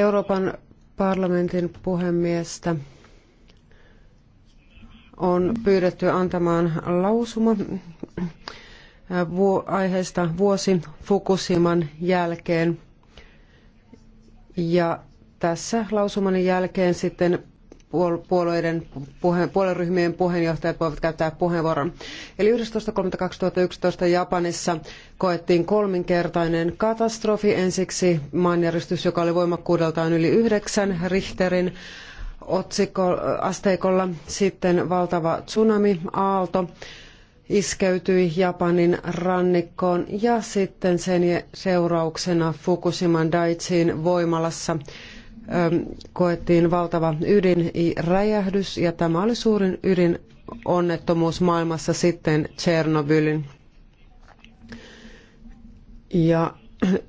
Euroopan parlamentin puhemiestä on pyydetty antamaan lausuma aiheesta vuosi Fukushiman jälkeen. Ja tässä lausuman jälkeen sitten puolueiden, puhe, puolueryhmien puheenjohtajat voivat käyttää puheenvuoron. Eli 11.3.2011 Japanissa koettiin kolminkertainen katastrofi. Ensiksi maanjäristys, joka oli voimakkuudeltaan yli yhdeksän Richterin otsikko, asteikolla. Sitten valtava tsunami-aalto iskeytyi Japanin rannikkoon ja sitten sen seurauksena Fukushiman Daiichin voimalassa koettiin valtava ydinräjähdys ja tämä oli suurin ydinonnettomuus maailmassa sitten Tchernobylin. Ja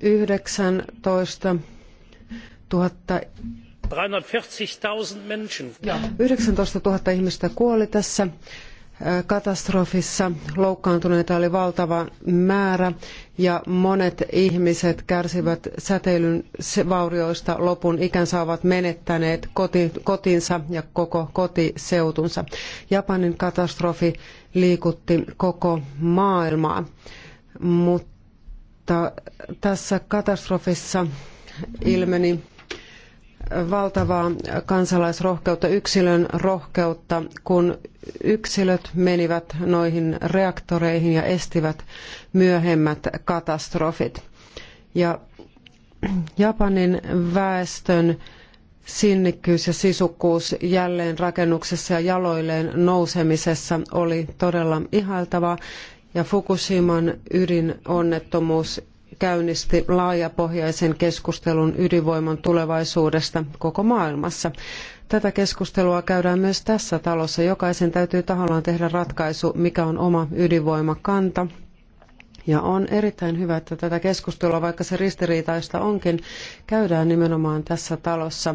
19 000 340 000 ihmistä kuoli tässä katastrofissa. Loukkaantuneita oli valtava määrä ja monet ihmiset kärsivät säteilyn vaurioista lopun ikänsä ovat menettäneet kotinsa ja koko kotiseutunsa. Japanin katastrofi liikutti koko maailmaa, mutta tässä katastrofissa ilmeni valtavaa kansalaisrohkeutta, yksilön rohkeutta, kun yksilöt menivät noihin reaktoreihin ja estivät myöhemmät katastrofit. Ja Japanin väestön sinnikkyys ja sisukkuus jälleen rakennuksessa ja jaloilleen nousemisessa oli todella ihailtavaa. Ja Fukushiman ydinonnettomuus käynnisti laajapohjaisen keskustelun ydinvoiman tulevaisuudesta koko maailmassa. Tätä keskustelua käydään myös tässä talossa. Jokaisen täytyy tahollaan tehdä ratkaisu, mikä on oma ydinvoimakanta. Ja on erittäin hyvä, että tätä keskustelua, vaikka se ristiriitaista onkin, käydään nimenomaan tässä talossa,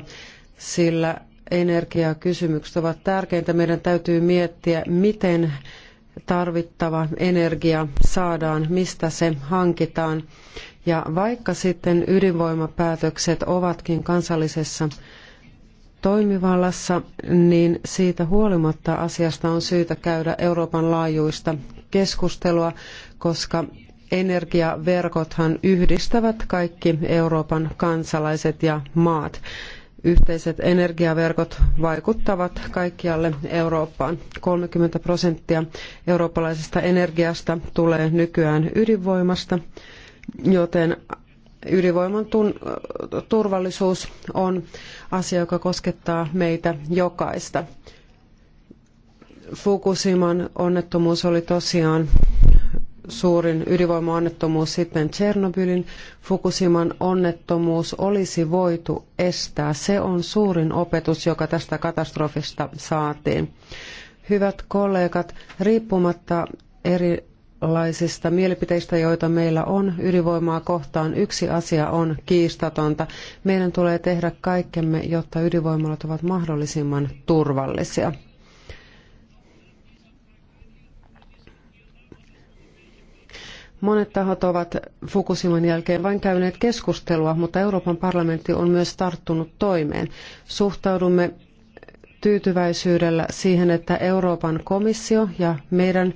sillä energiakysymykset ovat tärkeintä. Meidän täytyy miettiä, miten tarvittava energia saadaan, mistä se hankitaan. Ja vaikka sitten ydinvoimapäätökset ovatkin kansallisessa toimivallassa, niin siitä huolimatta asiasta on syytä käydä Euroopan laajuista keskustelua, koska energiaverkothan yhdistävät kaikki Euroopan kansalaiset ja maat. Yhteiset energiaverkot vaikuttavat kaikkialle Eurooppaan. 30 prosenttia eurooppalaisesta energiasta tulee nykyään ydinvoimasta, joten ydinvoiman turvallisuus on asia, joka koskettaa meitä jokaista. Fukushiman onnettomuus oli tosiaan suurin ydinvoimaonnettomuus sitten Tchernobylin Fukushiman onnettomuus olisi voitu estää. Se on suurin opetus, joka tästä katastrofista saatiin. Hyvät kollegat, riippumatta erilaisista mielipiteistä, joita meillä on ydinvoimaa kohtaan, yksi asia on kiistatonta. Meidän tulee tehdä kaikkemme, jotta ydinvoimalat ovat mahdollisimman turvallisia. Monet tahot ovat Fukushiman jälkeen vain käyneet keskustelua, mutta Euroopan parlamentti on myös tarttunut toimeen. Suhtaudumme tyytyväisyydellä siihen, että Euroopan komissio ja meidän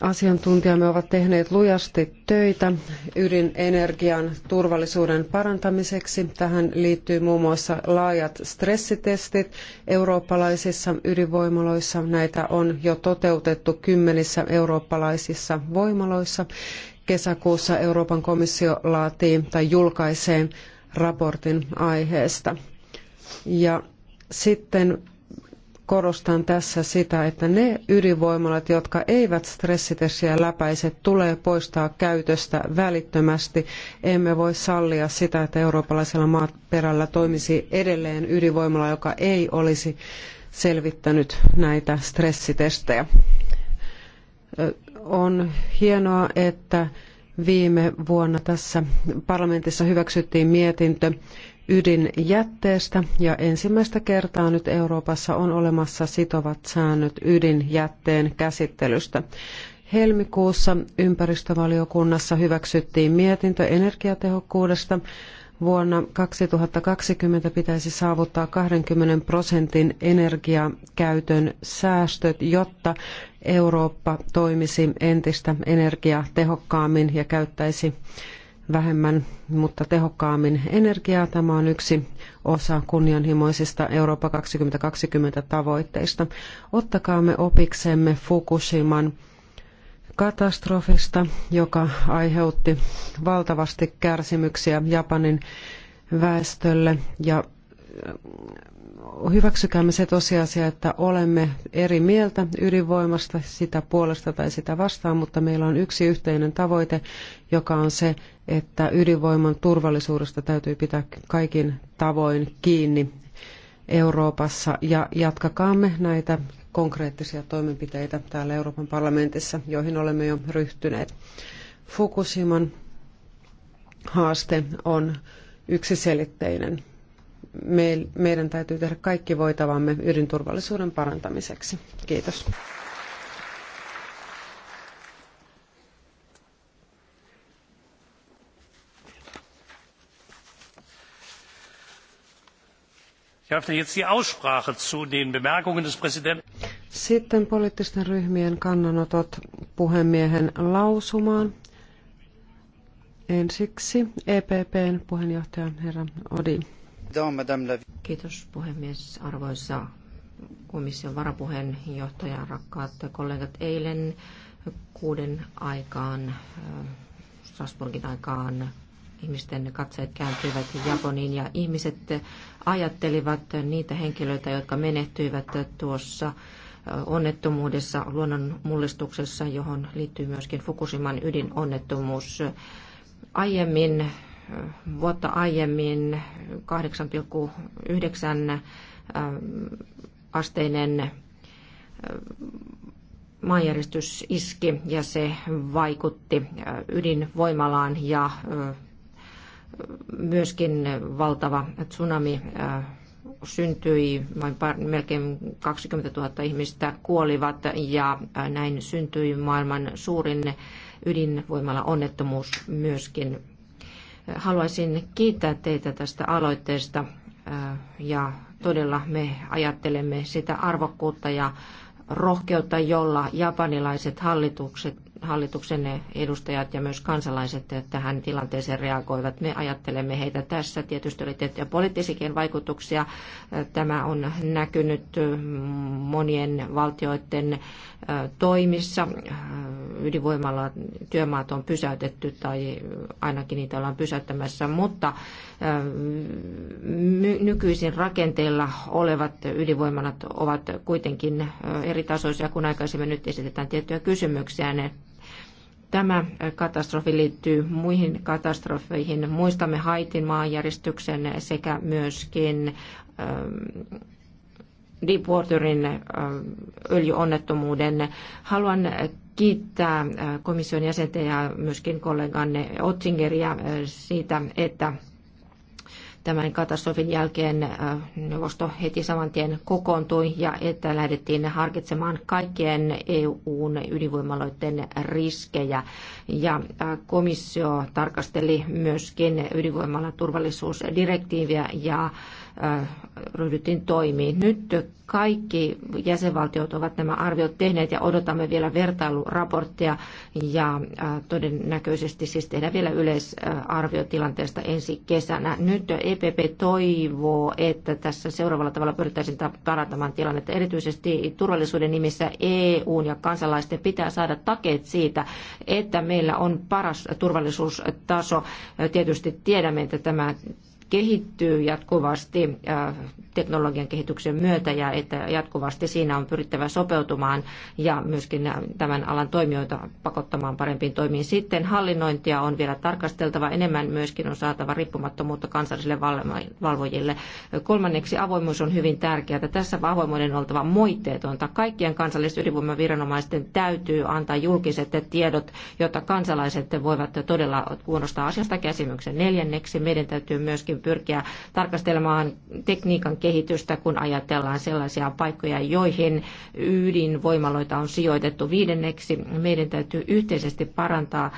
asiantuntijamme ovat tehneet lujasti töitä ydinenergian turvallisuuden parantamiseksi. Tähän liittyy muun muassa laajat stressitestit eurooppalaisissa ydinvoimaloissa. Näitä on jo toteutettu kymmenissä eurooppalaisissa voimaloissa. Kesäkuussa Euroopan komissio laatii tai julkaisee raportin aiheesta. Ja sitten korostan tässä sitä, että ne ydinvoimalat, jotka eivät stressitestiä läpäise, tulee poistaa käytöstä välittömästi. Emme voi sallia sitä, että eurooppalaisella maaperällä toimisi edelleen ydinvoimala, joka ei olisi selvittänyt näitä stressitestejä. On hienoa, että viime vuonna tässä parlamentissa hyväksyttiin mietintö, ydinjätteestä ja ensimmäistä kertaa nyt Euroopassa on olemassa sitovat säännöt ydinjätteen käsittelystä. Helmikuussa ympäristövaliokunnassa hyväksyttiin mietintö energiatehokkuudesta. Vuonna 2020 pitäisi saavuttaa 20 prosentin energiakäytön säästöt, jotta Eurooppa toimisi entistä energiatehokkaammin ja käyttäisi vähemmän, mutta tehokkaammin energiaa. Tämä on yksi osa kunnianhimoisista Eurooppa 2020 tavoitteista. Ottakaamme opiksemme Fukushiman katastrofista, joka aiheutti valtavasti kärsimyksiä Japanin väestölle ja äh, hyväksykäämme se tosiasia, että olemme eri mieltä ydinvoimasta sitä puolesta tai sitä vastaan, mutta meillä on yksi yhteinen tavoite, joka on se, että ydinvoiman turvallisuudesta täytyy pitää kaikin tavoin kiinni Euroopassa ja jatkakaamme näitä konkreettisia toimenpiteitä täällä Euroopan parlamentissa, joihin olemme jo ryhtyneet. Fukushiman haaste on yksiselitteinen. meidän täytyy tehdä kaikki voitavamme ydinturvallisuuden parantamiseksi. Kiitos. Sitten poliittisten ryhmien kannanotot puhemiehen lausumaan. Ensiksi EPPn puheenjohtaja herra Odi. Kiitos puhemies, arvoisa komission varapuheenjohtaja, rakkaat kollegat. Eilen kuuden aikaan, äh, Strasbourgin aikaan, ihmisten katseet kääntyivät Japaniin ja ihmiset ajattelivat niitä henkilöitä, jotka menehtyivät tuossa onnettomuudessa, luonnonmullistuksessa, johon liittyy myöskin Fukushiman ydinonnettomuus. Aiemmin, vuotta aiemmin 8,9 asteinen maanjäristys iski ja se vaikutti ydinvoimalaan ja myöskin valtava tsunami äh, syntyi, vain par, melkein 20 000 ihmistä kuolivat ja äh, näin syntyi maailman suurin ydinvoimalla onnettomuus myöskin. Äh, haluaisin kiittää teitä tästä aloitteesta ja todella me ajattelemme sitä arvokkuutta ja rohkeutta, jolla japanilaiset hallitukset hallituksen edustajat ja myös kansalaiset tähän tilanteeseen reagoivat. Me ajattelemme heitä tässä. Tietysti oli tiettyjä poliittisikin vaikutuksia. Tämä on näkynyt monien valtioiden toimissa. Ydinvoimalla työmaat on pysäytetty tai ainakin niitä ollaan pysäyttämässä, mutta nykyisin rakenteilla olevat ydinvoimalat ovat kuitenkin eri tasoisia kuin aikaisemmin. Nyt esitetään tiettyjä kysymyksiä. Ne Tämä äh, katastrofi liittyy muihin katastrofeihin. Muistamme Haitin maanjäristyksen sekä myöskin ähm, Deepwaterin äh, öljyonnettomuuden. Haluan kiittää äh, komission jäsentä ja myöskin kolleganne Ottingeria siitä, että tämän katastrofin jälkeen äh, neuvosto heti saman tien kokoontui ja että lähdettiin harkitsemaan kaikkien EUn ydinvoimaloiden riskejä. Ja äh, komissio tarkasteli myöskin ydinvoimalan turvallisuusdirektiiviä ja Äh, ryhdyttiin toimiin. Nyt kaikki jäsenvaltiot ovat nämä arviot tehneet ja odotamme vielä vertailuraporttia ja äh, todennäköisesti siis tehdään vielä yleisarvio tilanteesta ensi kesänä. Nyt EPP toivoo, että tässä seuraavalla tavalla pyrittäisiin parantamaan tilannetta. Erityisesti turvallisuuden nimissä EUn ja kansalaisten pitää saada takeet siitä, että meillä on paras turvallisuustaso. Äh, tietysti tiedämme, että tämä kehittyy jatkuvasti teknologian kehityksen myötä ja että jatkuvasti siinä on pyrittävä sopeutumaan ja myöskin tämän alan toimijoita pakottamaan parempiin toimiin. Sitten hallinnointia on vielä tarkasteltava enemmän, myöskin on saatava riippumattomuutta kansallisille valvojille. Kolmanneksi avoimuus on hyvin tärkeää. Tässä avoimuuden on oltava moitteetonta. Kaikkien kansallisydinvoimaviranomaisten täytyy antaa julkiset tiedot, jotta kansalaiset voivat todella muodostaa asiasta käsimyksen. Neljänneksi meidän täytyy myöskin pyrkiä tarkastelemaan tekniikan kehitystä, kun ajatellaan sellaisia paikkoja, joihin ydinvoimaloita on sijoitettu. Viidenneksi meidän täytyy yhteisesti parantaa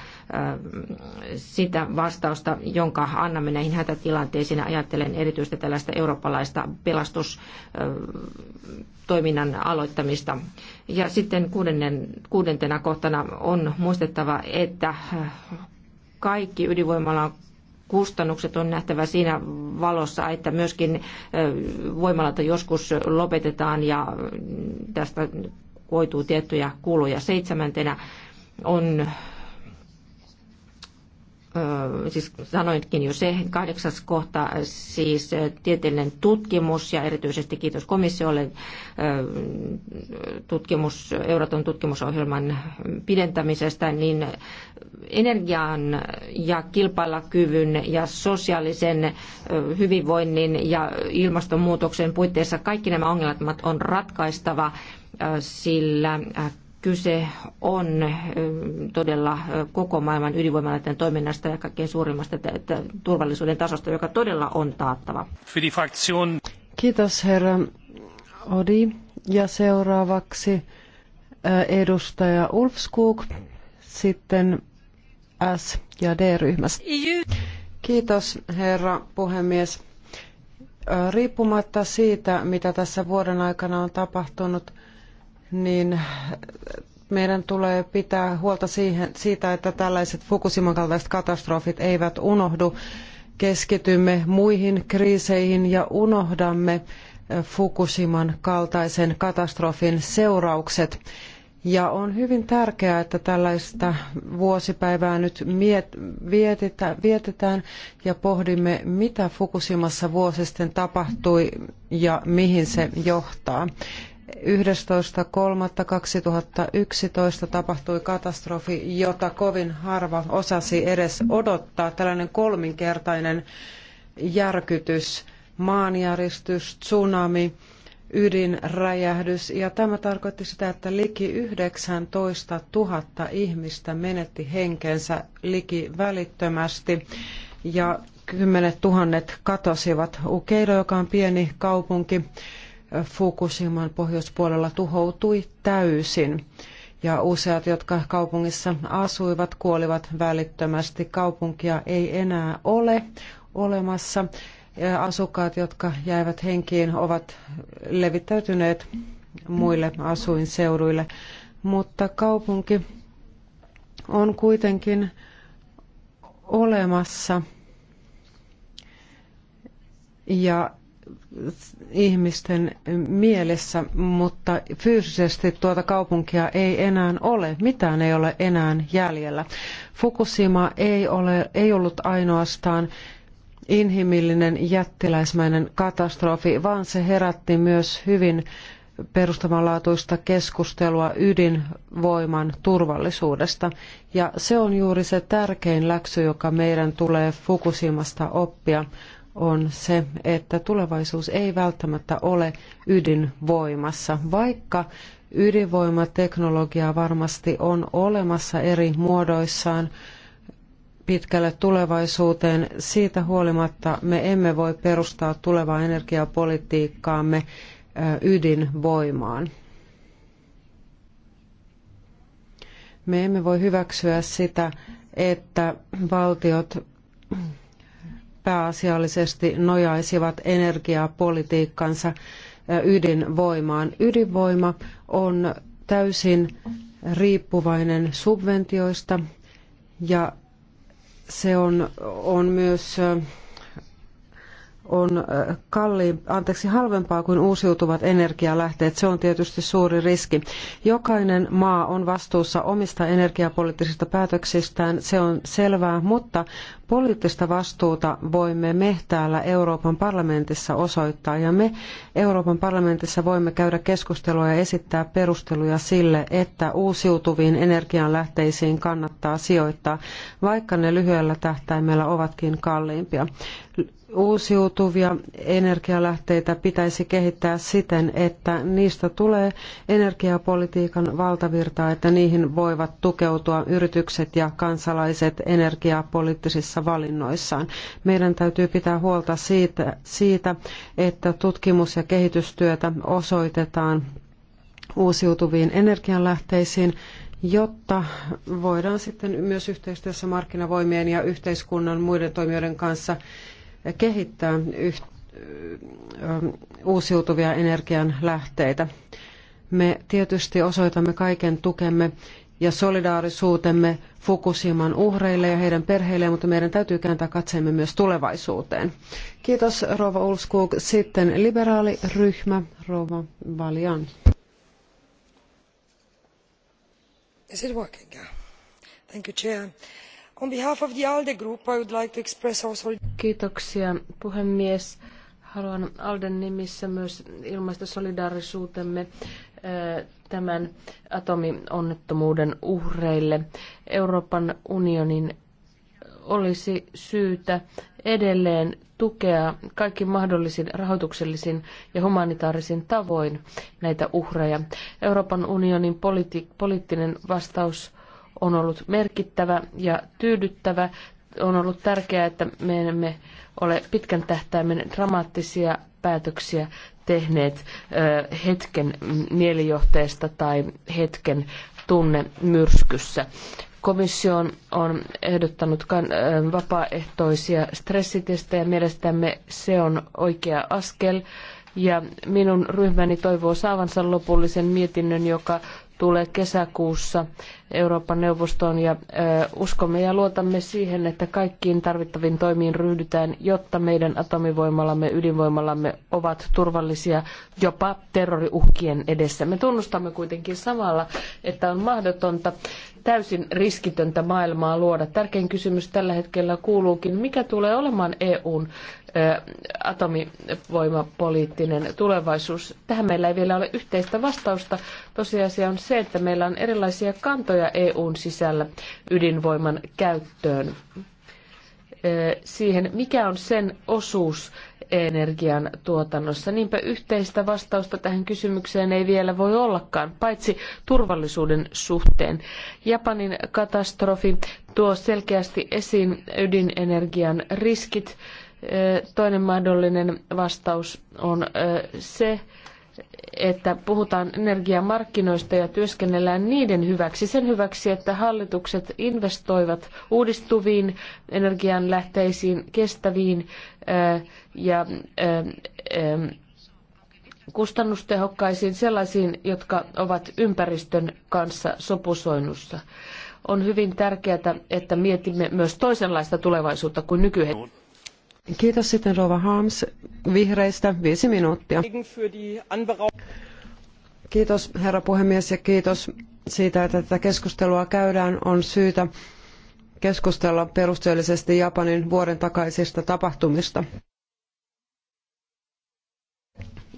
sitä vastausta, jonka annamme näihin hätätilanteisiin. Ajattelen erityisesti tällaista eurooppalaista pelastustoiminnan aloittamista. Ja sitten kuudennen, kuudentena kohtana on muistettava, että kaikki ydinvoimalan kustannukset on nähtävä siinä valossa, että myöskin voimalalta joskus lopetetaan ja tästä koituu tiettyjä kuluja. Seitsemäntenä on siis sanoinkin jo se, kahdeksas kohta, siis tieteellinen tutkimus ja erityisesti kiitos komissiolle tutkimus, Euroton tutkimusohjelman pidentämisestä, niin energian ja kilpailakyvyn ja sosiaalisen hyvinvoinnin ja ilmastonmuutoksen puitteissa kaikki nämä ongelmat on ratkaistava sillä kyse on todella koko maailman ydinvoimalaiden toiminnasta ja kaikkein suurimmasta turvallisuuden tasosta, joka todella on taattava. Kiitos herra Odi. Ja seuraavaksi edustaja Ulfskog, sitten S- ja D-ryhmästä. Kiitos herra puhemies. Riippumatta siitä, mitä tässä vuoden aikana on tapahtunut, niin meidän tulee pitää huolta siihen, siitä, että tällaiset Fukushiman kaltaiset katastrofit eivät unohdu. Keskitymme muihin kriiseihin ja unohdamme eh, Fukushiman kaltaisen katastrofin seuraukset. Ja on hyvin tärkeää, että tällaista vuosipäivää nyt miet, vietetään ja pohdimme, mitä Fukushimassa vuosi sitten tapahtui ja mihin se johtaa. 11.3.2011 tapahtui katastrofi, jota kovin harva osasi edes odottaa. Tällainen kolminkertainen järkytys, maanjäristys, tsunami, ydinräjähdys. Ja tämä tarkoitti sitä, että liki 19 000 ihmistä menetti henkensä liki välittömästi. Ja kymmenet tuhannet katosivat. Ukeido, joka on pieni kaupunki, Fukushiman pohjoispuolella tuhoutui täysin. Ja useat, jotka kaupungissa asuivat, kuolivat välittömästi. Kaupunkia ei enää ole olemassa. Asukkaat, jotka jäivät henkiin, ovat levittäytyneet muille asuinseuduille. Mutta kaupunki on kuitenkin olemassa. Ja ihmisten mielessä, mutta fyysisesti tuota kaupunkia ei enää ole. Mitään ei ole enää jäljellä. Fukushima ei, ole, ei ollut ainoastaan inhimillinen jättiläismäinen katastrofi, vaan se herätti myös hyvin perustavanlaatuista keskustelua ydinvoiman turvallisuudesta. Ja se on juuri se tärkein läksy, joka meidän tulee Fukushimasta oppia on se, että tulevaisuus ei välttämättä ole ydinvoimassa, vaikka ydinvoimateknologia varmasti on olemassa eri muodoissaan pitkälle tulevaisuuteen. Siitä huolimatta me emme voi perustaa tulevaa energiapolitiikkaamme ydinvoimaan. Me emme voi hyväksyä sitä, että valtiot pääasiallisesti nojaisivat energiapolitiikkansa ydinvoimaan. Ydinvoima on täysin riippuvainen subventioista ja se on, on myös on äh, kalli, anteeksi, halvempaa kuin uusiutuvat energialähteet. Se on tietysti suuri riski. Jokainen maa on vastuussa omista energiapoliittisista päätöksistään, se on selvää, mutta poliittista vastuuta voimme me täällä Euroopan parlamentissa osoittaa ja me Euroopan parlamentissa voimme käydä keskustelua ja esittää perusteluja sille, että uusiutuviin energianlähteisiin kannattaa sijoittaa, vaikka ne lyhyellä tähtäimellä ovatkin kalliimpia Uusiutuvia energialähteitä pitäisi kehittää siten, että niistä tulee energiapolitiikan valtavirtaa, että niihin voivat tukeutua yritykset ja kansalaiset energiapoliittisissa valinnoissaan. Meidän täytyy pitää huolta siitä, siitä että tutkimus- ja kehitystyötä osoitetaan uusiutuviin energianlähteisiin jotta voidaan sitten myös yhteistyössä markkinavoimien ja yhteiskunnan muiden toimijoiden kanssa kehittää uusiutuvia energian lähteitä. Me tietysti osoitamme kaiken tukemme ja solidaarisuutemme Fukushiman uhreille ja heidän perheilleen, mutta meidän täytyy kääntää katseemme myös tulevaisuuteen. Kiitos Rova Ulskuk. Sitten liberaaliryhmä Rova Valian. Is it working? Thank you, Chair arvoisa Kiitoksia, puhemies. Haluan Alden nimissä myös ilmaista solidaarisuutemme eh, tämän atomionnettomuuden uhreille. Euroopan unionin olisi syytä edelleen tukea kaikki mahdollisin rahoituksellisin ja humanitaarisin tavoin näitä uhreja. Euroopan unionin politi- poliittinen vastaus on ollut merkittävä ja tyydyttävä. On ollut tärkeää, että me emme ole pitkän tähtäimen dramaattisia päätöksiä tehneet hetken mielijohteesta tai hetken tunne myrskyssä. Komissio on ehdottanut vapaaehtoisia stressitestejä. Mielestämme se on oikea askel. Ja minun ryhmäni toivoo saavansa lopullisen mietinnön, joka tulee kesäkuussa Euroopan neuvostoon ja uskomme ja luotamme siihen, että kaikkiin tarvittaviin toimiin ryhdytään, jotta meidän atomivoimalamme, ydinvoimalamme ovat turvallisia jopa terroriuhkien edessä. Me tunnustamme kuitenkin samalla, että on mahdotonta täysin riskitöntä maailmaa luoda. Tärkein kysymys tällä hetkellä kuuluukin, mikä tulee olemaan EUn atomivoimapoliittinen tulevaisuus. Tähän meillä ei vielä ole yhteistä vastausta. Tosiasia on se, että meillä on erilaisia kantoja EUn sisällä ydinvoiman käyttöön siihen, mikä on sen osuus energian tuotannossa. Niinpä yhteistä vastausta tähän kysymykseen ei vielä voi ollakaan, paitsi turvallisuuden suhteen. Japanin katastrofi tuo selkeästi esiin ydinenergian riskit Toinen mahdollinen vastaus on se, että puhutaan energiamarkkinoista ja työskennellään niiden hyväksi, sen hyväksi, että hallitukset investoivat uudistuviin energianlähteisiin, kestäviin ja kustannustehokkaisiin sellaisiin, jotka ovat ympäristön kanssa sopusoinnussa. On hyvin tärkeää, että mietimme myös toisenlaista tulevaisuutta kuin nykyhetkellä. Kiitos sitten Rova Harms vihreistä. Viisi minuuttia. Kiitos herra puhemies ja kiitos siitä, että tätä keskustelua käydään. On syytä keskustella perusteellisesti Japanin vuoden takaisista tapahtumista.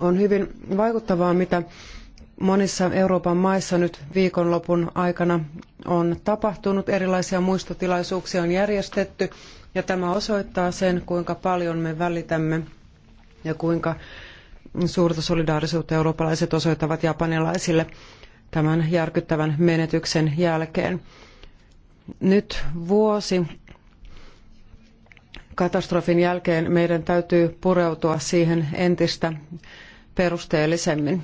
On hyvin vaikuttavaa, mitä monissa Euroopan maissa nyt viikonlopun aikana on tapahtunut. Erilaisia muistotilaisuuksia on järjestetty ja tämä osoittaa sen, kuinka paljon me välitämme ja kuinka suurta solidaarisuutta eurooppalaiset osoittavat japanilaisille tämän järkyttävän menetyksen jälkeen. Nyt vuosi katastrofin jälkeen meidän täytyy pureutua siihen entistä perusteellisemmin.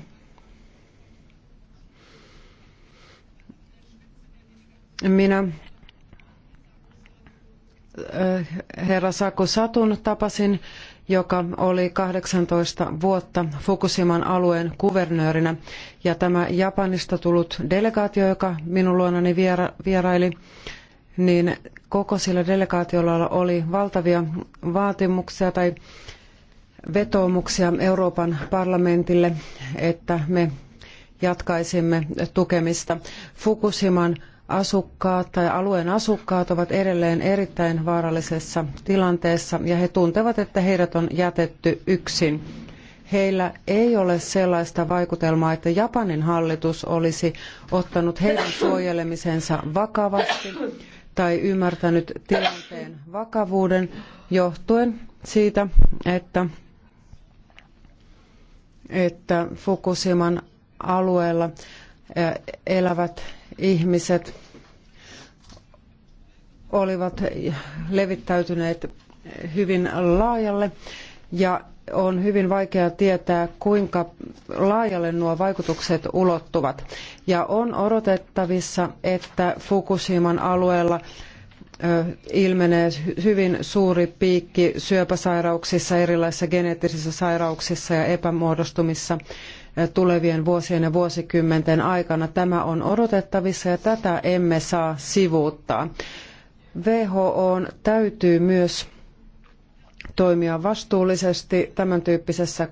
Minä herra Saku Satun tapasin, joka oli 18 vuotta Fukushiman alueen kuvernöörinä. Ja tämä Japanista tullut delegaatio, joka minun luonani vieraili, niin koko sillä delegaatiolla oli valtavia vaatimuksia tai vetoomuksia Euroopan parlamentille, että me jatkaisimme tukemista Fukushiman asukkaat tai alueen asukkaat ovat edelleen erittäin vaarallisessa tilanteessa ja he tuntevat, että heidät on jätetty yksin. Heillä ei ole sellaista vaikutelmaa, että Japanin hallitus olisi ottanut heidän suojelemisensa vakavasti tai ymmärtänyt tilanteen vakavuuden johtuen siitä, että, että Fukushiman alueella elävät ihmiset olivat levittäytyneet hyvin laajalle ja on hyvin vaikea tietää, kuinka laajalle nuo vaikutukset ulottuvat. Ja on odotettavissa, että Fukushiman alueella ilmenee hyvin suuri piikki syöpäsairauksissa, erilaisissa geneettisissä sairauksissa ja epämuodostumissa tulevien vuosien ja vuosikymmenten aikana. Tämä on odotettavissa ja tätä emme saa sivuuttaa. WHO täytyy myös toimia vastuullisesti tämän tyyppisessä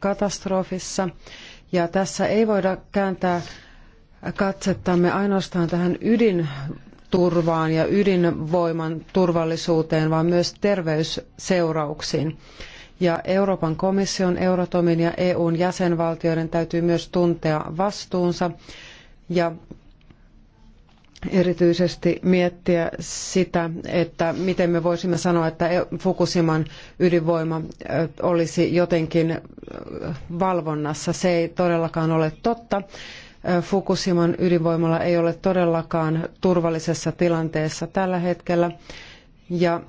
katastrofissa. Ja tässä ei voida kääntää katsettamme ainoastaan tähän ydinturvaan ja ydinvoiman turvallisuuteen, vaan myös terveysseurauksiin. Ja Euroopan komission, Euratomin ja EUn jäsenvaltioiden täytyy myös tuntea vastuunsa ja erityisesti miettiä sitä, että miten me voisimme sanoa, että e- Fukushiman ydinvoima olisi jotenkin valvonnassa. Se ei todellakaan ole totta. Fukushiman ydinvoimalla ei ole todellakaan turvallisessa tilanteessa tällä hetkellä. Ja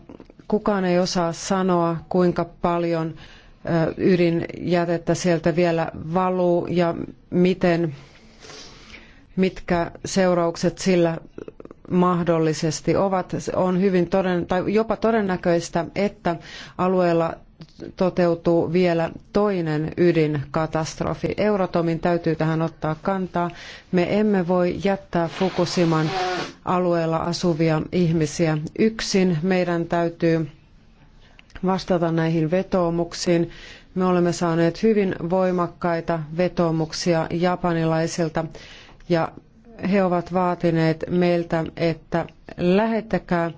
kukaan ei osaa sanoa, kuinka paljon ydinjätettä sieltä vielä valuu ja miten, mitkä seuraukset sillä mahdollisesti ovat. On hyvin toden, tai jopa todennäköistä, että alueella toteutuu vielä toinen ydinkatastrofi. Euratomin täytyy tähän ottaa kantaa. Me emme voi jättää Fukushiman alueella asuvia ihmisiä yksin. Meidän täytyy vastata näihin vetoomuksiin. Me olemme saaneet hyvin voimakkaita vetoomuksia japanilaisilta ja he ovat vaatineet meiltä, että lähettäkää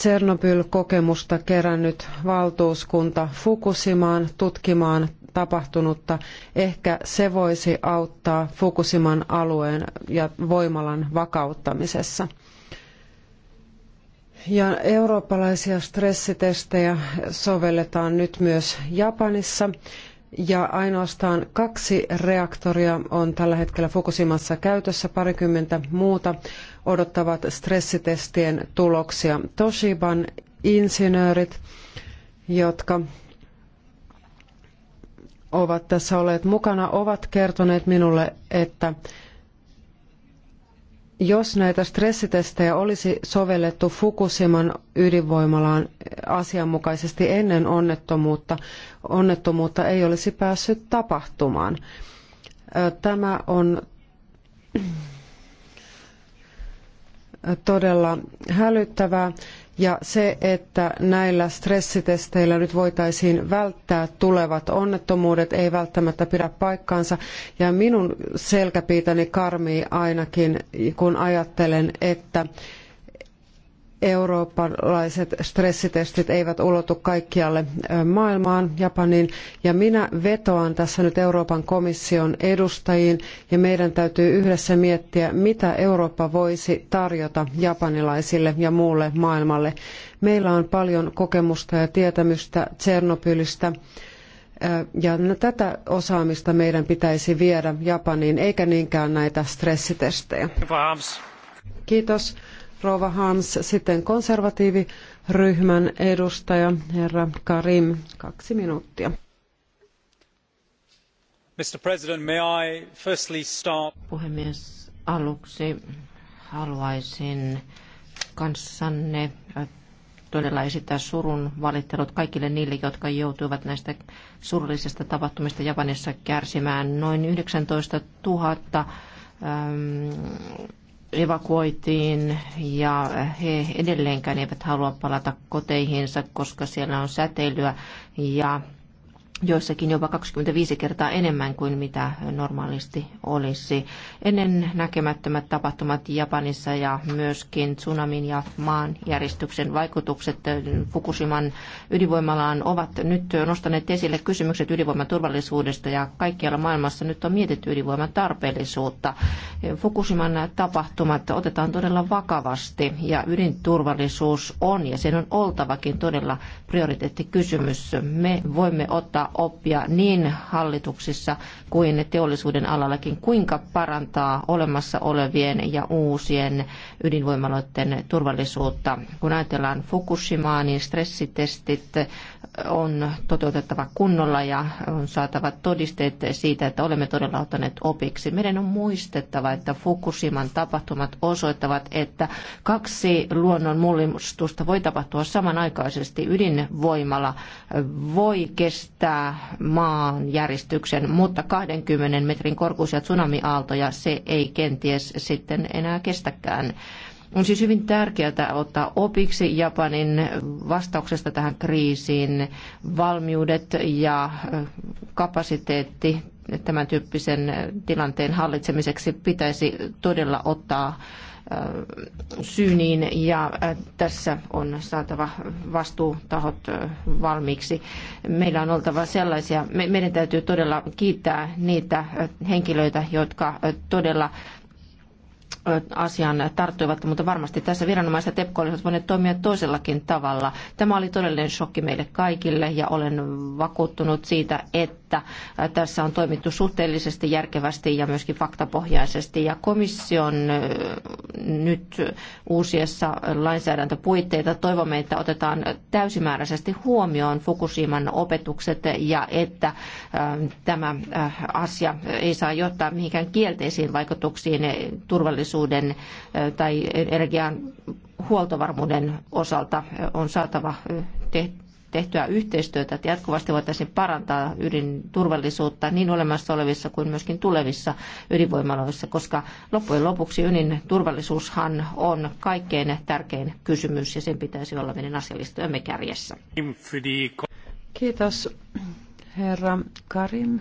Tsernobyl-kokemusta kerännyt valtuuskunta Fukushimaan tutkimaan tapahtunutta. Ehkä se voisi auttaa Fukushiman alueen ja voimalan vakauttamisessa. Ja eurooppalaisia stressitestejä sovelletaan nyt myös Japanissa ja ainoastaan kaksi reaktoria on tällä hetkellä Fukushimassa käytössä, parikymmentä muuta odottavat stressitestien tuloksia. Toshiban insinöörit, jotka ovat tässä olleet mukana, ovat kertoneet minulle, että jos näitä stressitestejä olisi sovellettu Fukushiman ydinvoimalaan asianmukaisesti ennen onnettomuutta, onnettomuutta ei olisi päässyt tapahtumaan. Tämä on todella hälyttävää ja se, että näillä stressitesteillä nyt voitaisiin välttää tulevat onnettomuudet, ei välttämättä pidä paikkaansa. Ja minun selkäpiitäni karmii ainakin, kun ajattelen, että eurooppalaiset stressitestit eivät ulotu kaikkialle maailmaan, Japaniin. Ja minä vetoan tässä nyt Euroopan komission edustajiin ja meidän täytyy yhdessä miettiä, mitä Eurooppa voisi tarjota japanilaisille ja muulle maailmalle. Meillä on paljon kokemusta ja tietämystä Tsernobylistä. Ja tätä osaamista meidän pitäisi viedä Japaniin, eikä niinkään näitä stressitestejä. Kiitos rouva Harms, sitten konservatiiviryhmän edustaja, herra Karim, kaksi minuuttia. Mr. President, may I firstly start... Puhemies, aluksi haluaisin kanssanne äh, todella esittää surun valittelut kaikille niille, jotka joutuivat näistä surullisista tapahtumista Japanissa kärsimään. Noin 19 000 ähm, evakuoitiin ja he edelleenkään eivät halua palata koteihinsa, koska siellä on säteilyä ja joissakin jopa 25 kertaa enemmän kuin mitä normaalisti olisi. Ennen näkemättömät tapahtumat Japanissa ja myöskin tsunamin ja maanjäristyksen vaikutukset Fukushiman ydinvoimalaan ovat nyt nostaneet esille kysymykset ydinvoiman turvallisuudesta ja kaikkialla maailmassa nyt on mietitty ydinvoiman tarpeellisuutta. Fukushiman tapahtumat otetaan todella vakavasti ja ydinturvallisuus on ja sen on oltavakin todella prioriteettikysymys. Me voimme ottaa oppia niin hallituksissa kuin teollisuuden alallakin, kuinka parantaa olemassa olevien ja uusien ydinvoimaloiden turvallisuutta. Kun ajatellaan Fukushimaa, niin stressitestit on toteutettava kunnolla ja on saatava todisteet siitä, että olemme todella ottaneet opiksi. Meidän on muistettava, että Fukushiman tapahtumat osoittavat, että kaksi luonnon mullistusta voi tapahtua samanaikaisesti. Ydinvoimala voi kestää maanjäristyksen, mutta 20 metrin korkuisia tsunamiaaltoja se ei kenties sitten enää kestäkään. On siis hyvin tärkeää ottaa opiksi Japanin vastauksesta tähän kriisiin valmiudet ja kapasiteetti tämän tyyppisen tilanteen hallitsemiseksi pitäisi todella ottaa syyniin ja tässä on saatava vastuutahot valmiiksi. Meillä on oltava sellaisia, meidän täytyy todella kiittää niitä henkilöitä, jotka todella asiaan tarttuivat, mutta varmasti tässä viranomaiset TEPKO olisivat voineet toimia toisellakin tavalla. Tämä oli todellinen shokki meille kaikille ja olen vakuuttunut siitä, että että tässä on toimittu suhteellisesti, järkevästi ja myöskin faktapohjaisesti. Ja komission nyt uusiessa lainsäädäntöpuitteita toivomme, että otetaan täysimääräisesti huomioon Fukushiman opetukset ja että tämä asia ei saa johtaa mihinkään kielteisiin vaikutuksiin turvallisuuden tai energian huoltovarmuuden osalta on saatava tehty tehtyä yhteistyötä, että jatkuvasti voitaisiin parantaa ydinturvallisuutta niin olemassa olevissa kuin myöskin tulevissa ydinvoimaloissa, koska loppujen lopuksi ydinturvallisuushan on kaikkein tärkein kysymys ja sen pitäisi olla meidän asialistojemme kärjessä. Kiitos herra Karim.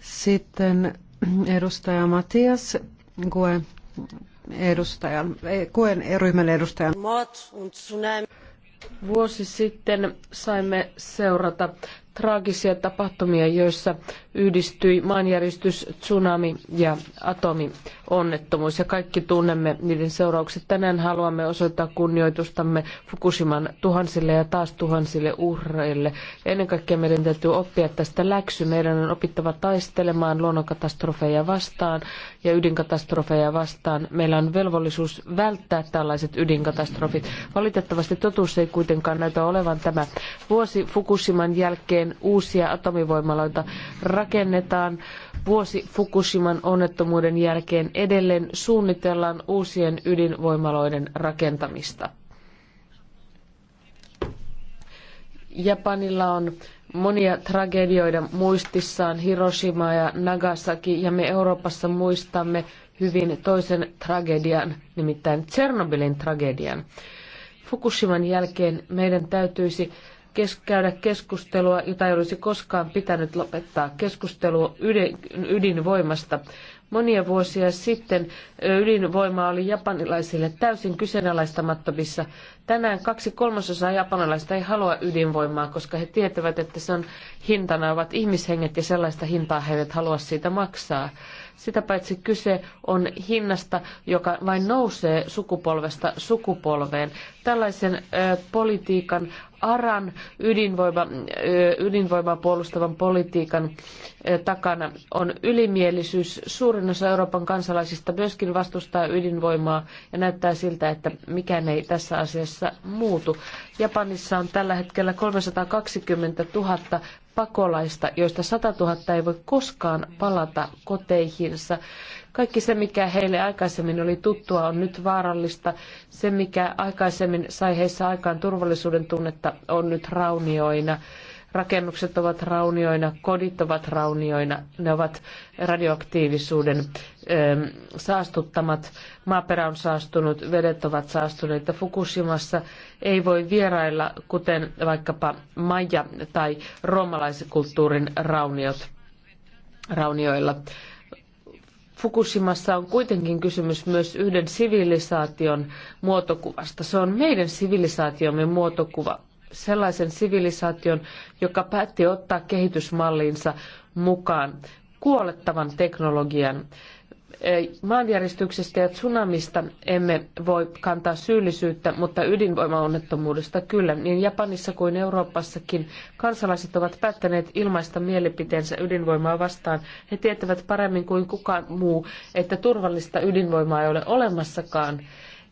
Sitten edustaja Matias Gue edustajan, eh, Kuen ryhmän edustajan. Vuosi sitten saimme seurata traagisia tapahtumia, joissa yhdistyi maanjäristys, tsunami ja atomionnettomuus. Ja kaikki tunnemme niiden seuraukset. Tänään haluamme osoittaa kunnioitustamme Fukushiman tuhansille ja taas tuhansille uhreille. Ennen kaikkea meidän täytyy oppia tästä läksy. Meidän on opittava taistelemaan luonnonkatastrofeja vastaan ja ydinkatastrofeja vastaan. Meillä on velvollisuus välttää tällaiset ydinkatastrofit. Valitettavasti totuus ei kuitenkaan näytä olevan tämä. Vuosi Fukushiman jälkeen miten uusia atomivoimaloita rakennetaan. Vuosi Fukushiman onnettomuuden jälkeen edelleen suunnitellaan uusien ydinvoimaloiden rakentamista. Japanilla on monia tragedioita muistissaan, Hiroshima ja Nagasaki, ja me Euroopassa muistamme hyvin toisen tragedian, nimittäin Tsernobylin tragedian. Fukushiman jälkeen meidän täytyisi kes- käydä keskustelua, jota ei olisi koskaan pitänyt lopettaa, keskustelua ydin, ydinvoimasta. Monia vuosia sitten ydinvoima oli japanilaisille täysin kyseenalaistamattomissa. Tänään kaksi kolmasosaa japanilaista ei halua ydinvoimaa, koska he tietävät, että se on hintana ovat ihmishenget ja sellaista hintaa he eivät halua siitä maksaa. Sitä paitsi kyse on hinnasta, joka vain nousee sukupolvesta sukupolveen. Tällaisen ö, politiikan ARAN ydinvoima, ydinvoimaa puolustavan politiikan takana on ylimielisyys. Suurin osa Euroopan kansalaisista myöskin vastustaa ydinvoimaa ja näyttää siltä, että mikään ei tässä asiassa muutu. Japanissa on tällä hetkellä 320 000 pakolaista, joista 100 000 ei voi koskaan palata koteihinsa. Kaikki se, mikä heille aikaisemmin oli tuttua, on nyt vaarallista. Se, mikä aikaisemmin sai heissä aikaan turvallisuuden tunnetta, on nyt raunioina. Rakennukset ovat raunioina, kodit ovat raunioina, ne ovat radioaktiivisuuden ähm, saastuttamat, maaperä on saastunut, vedet ovat saastuneita. Fukushimassa ei voi vierailla, kuten vaikkapa Maja tai roomalaiskulttuurin rauniot, raunioilla. Fukushimassa on kuitenkin kysymys myös yhden sivilisaation muotokuvasta. Se on meidän sivilisaatiomme muotokuva sellaisen sivilisaation, joka päätti ottaa kehitysmalliinsa mukaan kuolettavan teknologian. E, maanjäristyksestä ja tsunamista emme voi kantaa syyllisyyttä, mutta ydinvoimaonnettomuudesta kyllä. Niin Japanissa kuin Euroopassakin kansalaiset ovat päättäneet ilmaista mielipiteensä ydinvoimaa vastaan. He tietävät paremmin kuin kukaan muu, että turvallista ydinvoimaa ei ole olemassakaan.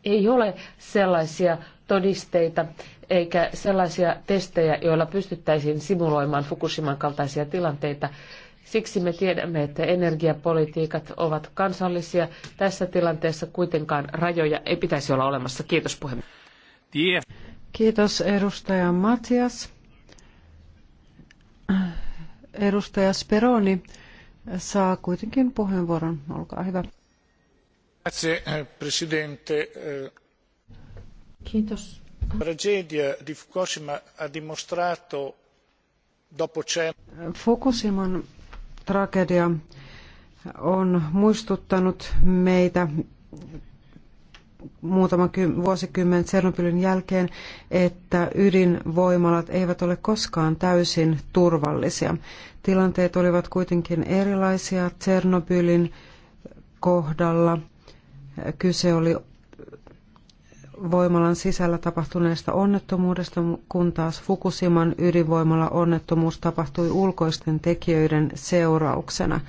Ei ole sellaisia todisteita, eikä sellaisia testejä, joilla pystyttäisiin simuloimaan Fukushiman kaltaisia tilanteita. Siksi me tiedämme, että energiapolitiikat ovat kansallisia. Tässä tilanteessa kuitenkaan rajoja ei pitäisi olla olemassa. Kiitos puhemies. Kiitos edustaja Matias. Edustaja Speroni saa kuitenkin puheenvuoron. Olkaa hyvä. Eh, eh. Kiitos Tragedia di Fukushima ha dimostrato dopo Fukushiman tragedia on muistuttanut meitä muutama vuosikymmen Tsernobylin jälkeen, että ydinvoimalat eivät ole koskaan täysin turvallisia. Tilanteet olivat kuitenkin erilaisia Tsernobylin kohdalla. Kyse oli ydinvoimalan sisällä tapahtuneesta onnettomuudesta, kun taas Fukushiman ydinvoimalla onnettomuus tapahtui ulkoisten tekijöiden seurauksena.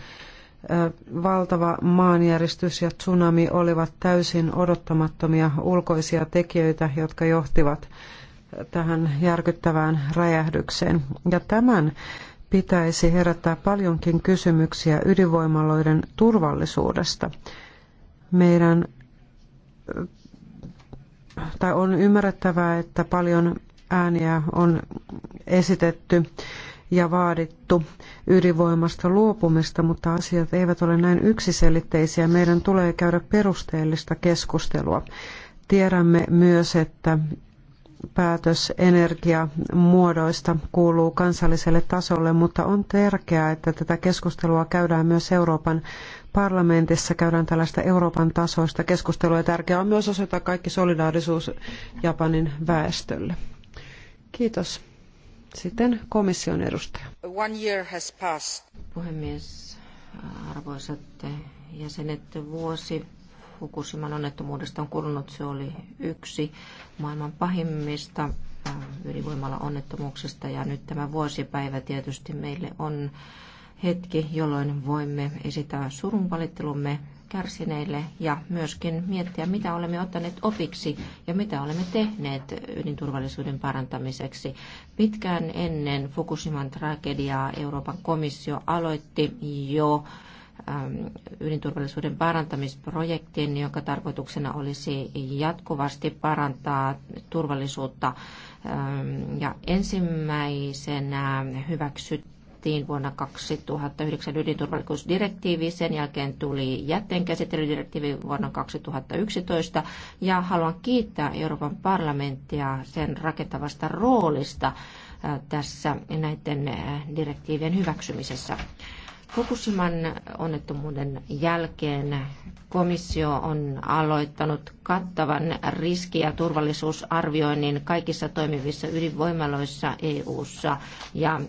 Valtava maanjäristys ja tsunami olivat täysin odottamattomia ulkoisia tekijöitä, jotka johtivat tähän järkyttävään räjähdykseen. Ja tämän pitäisi herättää paljonkin kysymyksiä ydinvoimaloiden turvallisuudesta. Meidän tai on ymmärrettävää, että paljon ääniä on esitetty ja vaadittu ydinvoimasta luopumista, mutta asiat eivät ole näin yksiselitteisiä. Meidän tulee käydä perusteellista keskustelua. Tiedämme myös, että päätös energiamuodoista kuuluu kansalliselle tasolle, mutta on tärkeää, että tätä keskustelua käydään myös Euroopan parlamentissa käydään tällaista Euroopan tasoista keskustelua ja tärkeää on myös osoittaa kaikki solidaarisuus Japanin väestölle. Kiitos. Sitten komission edustaja. One year has passed. Puhemies, arvoisat jäsenet, vuosi Fukushiman onnettomuudesta on kulunut. Se oli yksi maailman pahimmista ydinvoimalla onnettomuuksista ja nyt tämä vuosipäivä tietysti meille on hetki, jolloin voimme esittää surunvalittelumme kärsineille ja myöskin miettiä, mitä olemme ottaneet opiksi ja mitä olemme tehneet ydinturvallisuuden parantamiseksi. Pitkään ennen Fukushiman tragediaa Euroopan komissio aloitti jo ydinturvallisuuden parantamisprojektin, jonka tarkoituksena olisi jatkuvasti parantaa turvallisuutta. Ja ensimmäisenä hyväksyttiin otettiin vuonna 2009 ydinturvallisuusdirektiivi, sen jälkeen tuli jätteenkäsittelydirektiivi vuonna 2011 ja haluan kiittää Euroopan parlamenttia sen rakentavasta roolista äh, tässä näiden äh, direktiivien hyväksymisessä. Fukushiman onnettomuuden jälkeen komissio on aloittanut kattavan riski- ja turvallisuusarvioinnin kaikissa toimivissa ydinvoimaloissa EU:ssa ja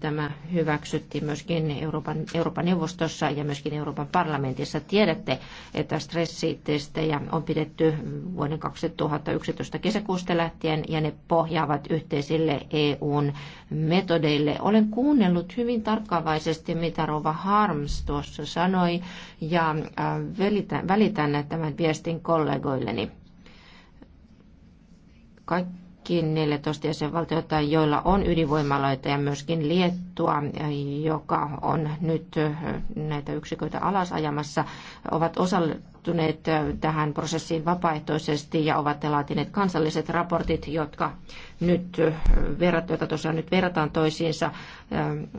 tämä hyväksyttiin myöskin Euroopan, Euroopan neuvostossa ja myöskin Euroopan parlamentissa. Tiedätte, että stressitestejä on pidetty vuoden 2011 kesäkuusta lähtien ja ne pohjaavat yhteisille EUn metodeille. Olen kuunnellut hyvin tarkkaavaisesti, mitä Rova Harms tuossa sanoi ja välitän, välitän tämän viestin kollegoille itselleni. Kaikki 14 jäsenvaltiota, joilla on ydinvoimaloita ja myöskin Liettua, joka on nyt näitä yksiköitä alasajamassa, ovat osallistuneet osallistuneet tähän prosessiin vapaaehtoisesti ja ovat laatineet kansalliset raportit, jotka nyt, verrat, joita tosiaan nyt verrataan toisiinsa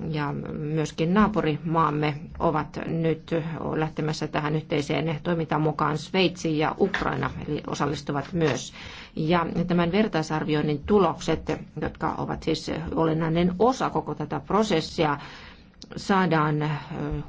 ja myöskin naapurimaamme ovat nyt lähtemässä tähän yhteiseen toimintaan mukaan Sveitsi ja Ukraina, eli osallistuvat myös. Ja tämän vertaisarvioinnin tulokset, jotka ovat siis olennainen osa koko tätä prosessia, saadaan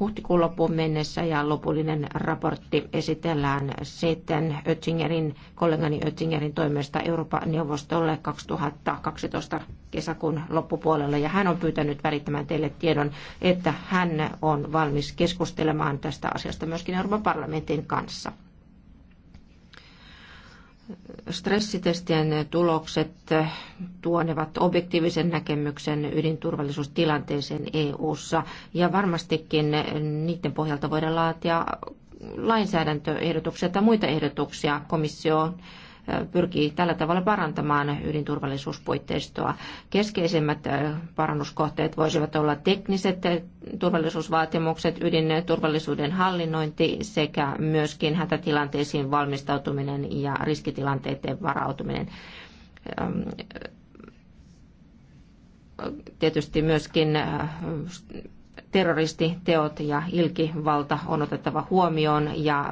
huhtikuun loppuun mennessä ja lopullinen raportti esitellään sitten Ötzingerin, kollegani Ötzingerin toimesta Euroopan neuvostolle 2012 kesäkuun loppupuolella. Ja hän on pyytänyt välittämään teille tiedon, että hän on valmis keskustelemaan tästä asiasta myöskin Euroopan parlamentin kanssa stressitestien tulokset tuonevat objektiivisen näkemyksen ydinturvallisuustilanteeseen EU:ssa ja varmastikin niiden pohjalta voidaan laatia lainsäädäntöehdotuksia tai muita ehdotuksia komissioon pyrkii tällä tavalla parantamaan ydinturvallisuuspuitteistoa. Keskeisimmät parannuskohteet voisivat olla tekniset turvallisuusvaatimukset, ydinturvallisuuden hallinnointi sekä myöskin hätätilanteisiin valmistautuminen ja riskitilanteiden varautuminen tietysti myöskin terroristiteot ja ilkivalta on otettava huomioon ja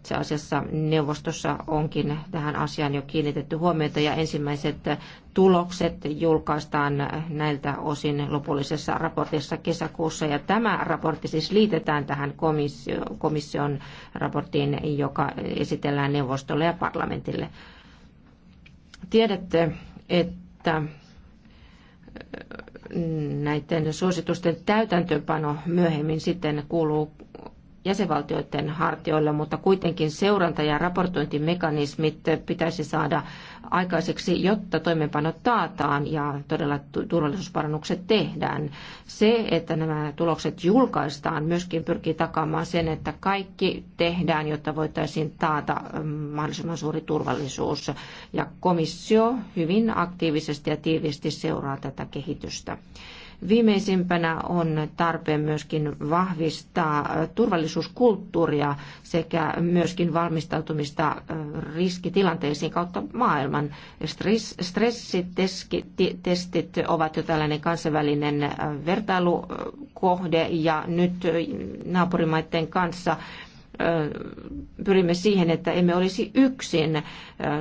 itse asiassa neuvostossa onkin tähän asiaan jo kiinnitetty huomiota ja ensimmäiset tulokset julkaistaan näiltä osin lopullisessa raportissa kesäkuussa. Ja tämä raportti siis liitetään tähän komissio, komission raporttiin, joka esitellään neuvostolle ja parlamentille. Tiedätte, että äh, näiden suositusten täytäntöönpano myöhemmin sitten kuuluu jäsenvaltioiden hartioille, mutta kuitenkin seuranta- ja raportointimekanismit pitäisi saada aikaiseksi, jotta toimeenpano taataan ja todella turvallisuusparannukset tehdään. Se, että nämä tulokset julkaistaan, myöskin pyrkii takaamaan sen, että kaikki tehdään, jotta voitaisiin taata mm, mahdollisimman suuri turvallisuus. Ja komissio hyvin aktiivisesti ja tiiviisti seuraa tätä kehitystä. Viimeisimpänä on tarpeen myöskin vahvistaa turvallisuuskulttuuria sekä myöskin valmistautumista äh, riskitilanteisiin kautta maailman. stressitestit ovat jo tällainen kansainvälinen äh, vertailukohde ja nyt äh, naapurimaiden kanssa pyrimme siihen, että emme olisi yksin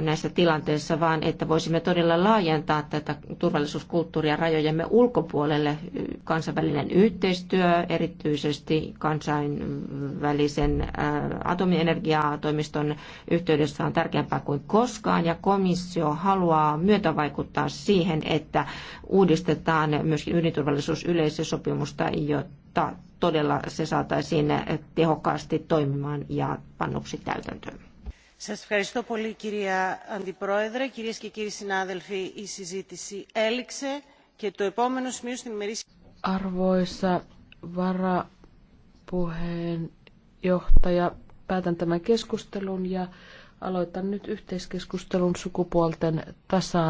näissä tilanteissa, vaan että voisimme todella laajentaa tätä turvallisuuskulttuuria rajojemme ulkopuolelle. Kansainvälinen yhteistyö, erityisesti kansainvälisen atomienergiatoimiston yhteydessä on tärkeämpää kuin koskaan, ja komissio haluaa myötävaikuttaa siihen, että uudistetaan myöskin ydinturvallisuusyleisösopimusta, jotta jotta todella se saataisiin tehokkaasti toimimaan ja pannuksi täytäntöön. Σας ευχαριστώ πολύ κυρία Αντιπρόεδρε. Κυρίες και κύριοι συνάδελφοι, η συζήτηση έληξε και το επόμενο σημείο στην ημερήσια... Arvoisa varapuheenjohtaja, päätän tämän keskustelun ja aloitan nyt yhteiskeskustelun sukupuolten tasa